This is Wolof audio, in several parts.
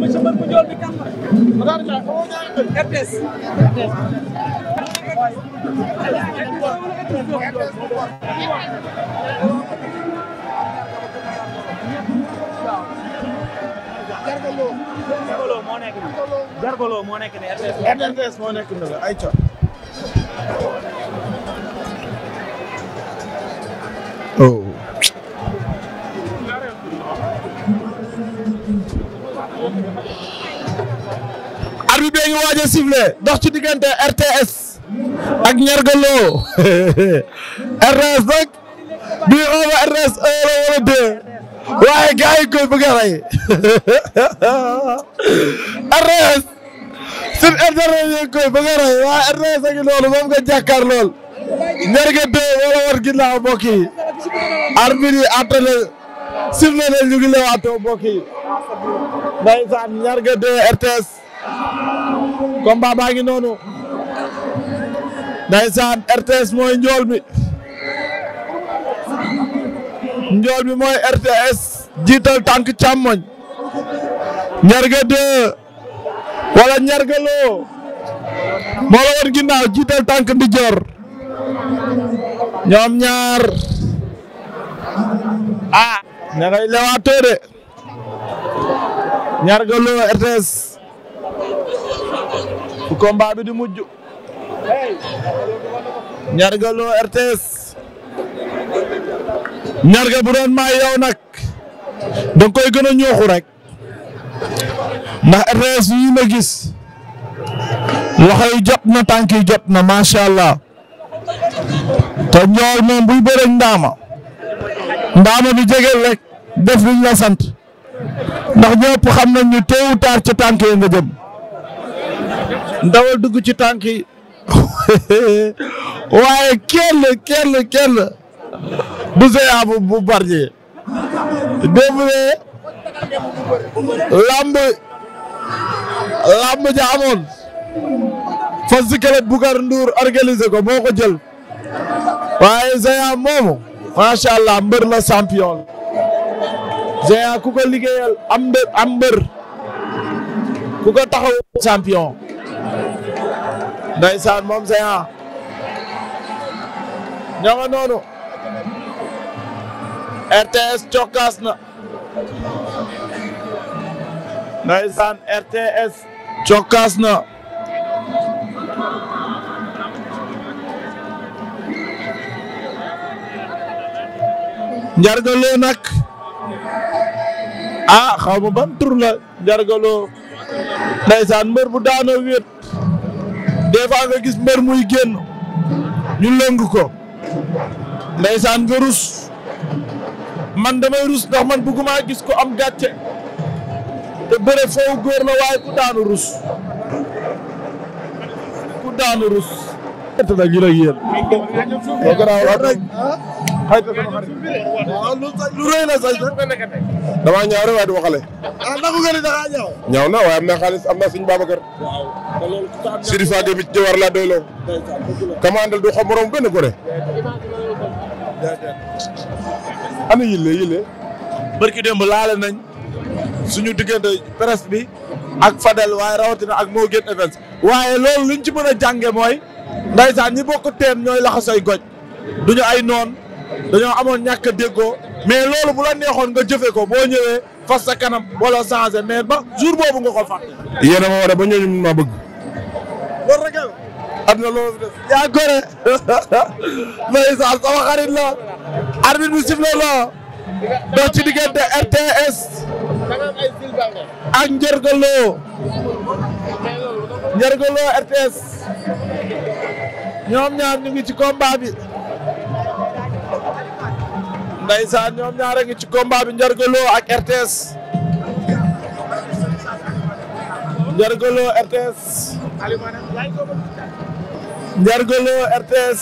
ma ci mbër bu njool bi kan la RTS RTS Jargolo moo nekk nii Jargolo moo nekk nii moo nekk nii ay ca arbitre bi ngi waaj a sifflé dox ci diggante RTS ak Ndiarga Lo RTS nag bii xool RTS 1 la wala 2 waaye gars koy bëgg a rey RTS suñ internet yi koy bëgg a rey waaye RTS a ngi noonu moom nga jàkkaar lool Ndiarga 2 wala war ginnaaw mbokk yi arbitre yi àtte na sifflé na ñu ngi lewaatoo mbokk yi ndeysaan ñarga de RTS combat baa ngi noonu ndeysaan RTS mooy njool bi njool bi mooy RTS jiital tànk càmmoñ ñarga de wala ñarga loo moo woon ginnaaw jiital tànk di jor ñoom ñaar ah ña ngay de Ñarga Lo RTS bu combat bi di bu doon maa yow nag danga koy gën a ñooxu rek ndax RTS yi ma gis loxo yi jot na tànk yi jot na macha allah te ñoor moom buy bëreeg ndaama ndama bi jegel rek def liñ la sant. ndax ñëpp xam nañ ñu teewu taar ci tànk yi nga jëm. ndawal dugg ci tànk yi. waaye kenn kenn kenn du seya bu bu barñee démb ne lamb lamb ja amoon fas si kele Bougar Ndour organisé ko moo ko jël waaye seya moomu macha allah mbër la champion GA ku ko liggéeyal am mbër am ku ko taxaw champion ndeysaan moom GA ñoo nga noonu RTS cokkaas na ndeysaan RTS cokkaas na njargaloo nag ah xaw ma ban tur la jargaloo ndaysaan mbër bu daanoo wéet des fois nga gis mbër muy génn ñu lëng ko ndaysaan nga rus man damay rus ndax man bëgguma gis ko am gàcce te bëre foofu góor la waaye ku daanu rus ku daanu rus. te nag ñu ne yéen. xëy lu sañ lu rëy la sañ sax. damaa ñaaw rek waaye du ma ah, am na xaalis am na suñu Babacar. waaw te loolu war laa doyloo. kamandal du xam morom benn gore. ana yille yille. barki démb laale nañ suñu diggante presse bi ak Fadel waaye rawatina ak moo gën events waaye loolu liñ ci mën a jànge mooy ndaysaan ñi bokk teen ñooy laxasooy goj duñu ay noon dañoo amoon ñàkk a déggoo mais loolu bu la neexoon nga jëfee ko boo ñëwee fas sa kanam wala changé mais ba jour boobu nga ko fàtte. yéen a ma ba ñooñu mun maa bëgg. loolu rek la. na loolu def. yaa gore. ndeysaan sama xarit la. arbitre bi sifflé la. dox ci diggante RTS. ak njërgaloo. njërgaloo RTS. ñoom ñaar ñu ngi ci combat ndeysaan ñoom ñaare ngi ci combat bi ak RTS. Ndiarga RTS. Ndiarga RTS. Ndiarga Lô RTS.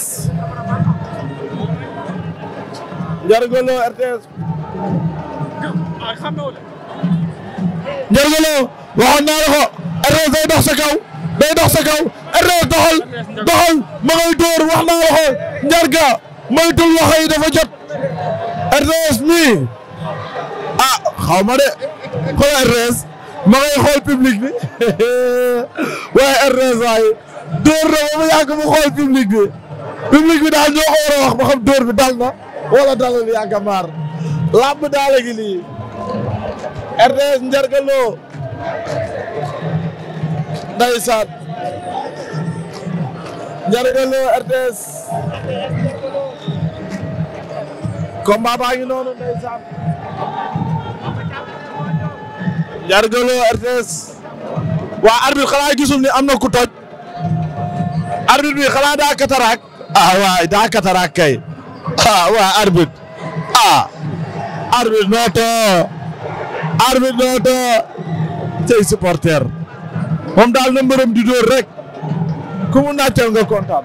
Ndiarga Lô waxoon naa la ko RTS day dox sa kaw day dox kaw RTS doxal doxal ma ngay wax naa la ko Ndiarga moytul loxo yi rees mii ah xaw ma de xoolal rees ma ngay xool public bi waaye rees waaye dóor na ba mu yàgg mu xool public bi public bi daal ñoo ko war a wax ba xam dóor bi dal na wala dalul yàgg a maar làmb daal a ngi nii RTS njargaloo ndeysaan njargaloo RTS combat baa ngi noonu ndeysaan Ndiarga Lo RTS waa arbitre xanaa gisul ni am na ku toj arbitre bi xanaa daa kataraak ah waay daa kataraak kay ah waa arbitre ah arbitre nootoo arbitre nootoo tey supporter moom daal na mbërëm di dóor rek ku mu naajteel nga kontaan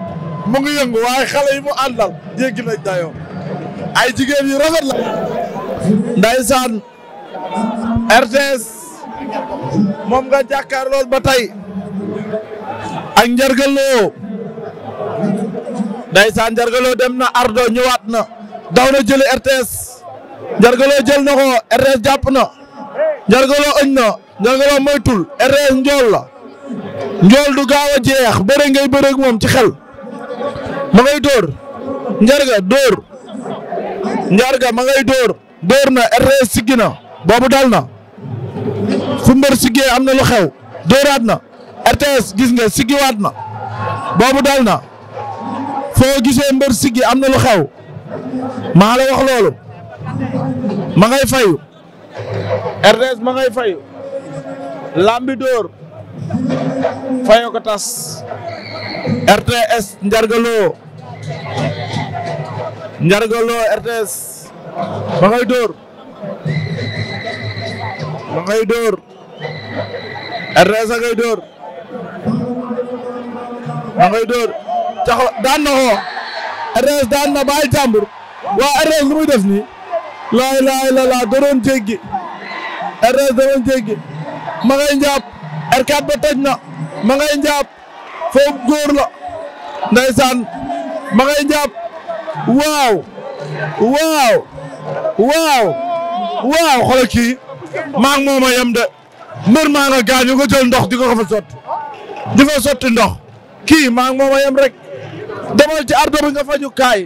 mu ngi yëngu waaye xale yi mu àndal jéggi ay jigéen yu rafet la ndeysaan RTS moom nga jàkkaar lool ba tey ak njargaloo ndeysaan njargaloo dem na ardo ñëwaat na daw na jëli RTS njargaloo jël na ko RTS jàpp na njargaloo ëñ na njargaloo moytul RTS njool la njool du gaaw a jeex bëre moom ci xel ma ngay dóor njarga dóor njarga ma ngay dóor dóor na RTS siggi na boobu dal na fu mbër siggee am na lu xew dóoraat na RTS gis nga siggiwaat na boobu dal na foo gisee mbër siggi am na lu xew maa la wax loolu ma ngay fay RTS ma ngay fayu lambi dóor fayo ko RTS Ndiarga Lo Ndiarga Lo RTS ma ngay dóor ma dóor RTS a ngay dóor ma dóor caxla daan na ko RTS daan na bàyyi jàmbur waa RTS lu muy def nii laay laay la laa doon jéggi RTS doon jéggi ma njaab R4 ba toj na ma njaab foog góor la ndeysaan ma ngay jàpp waaw waaw waaw waaw xoolal kii maa moom a yem de mbër maa nga gaañu nga jël ndox di ko ko fa sotti di fa sotti ndox kii maa ngi moom a yem rek demal ci ardo bi nga faju kaay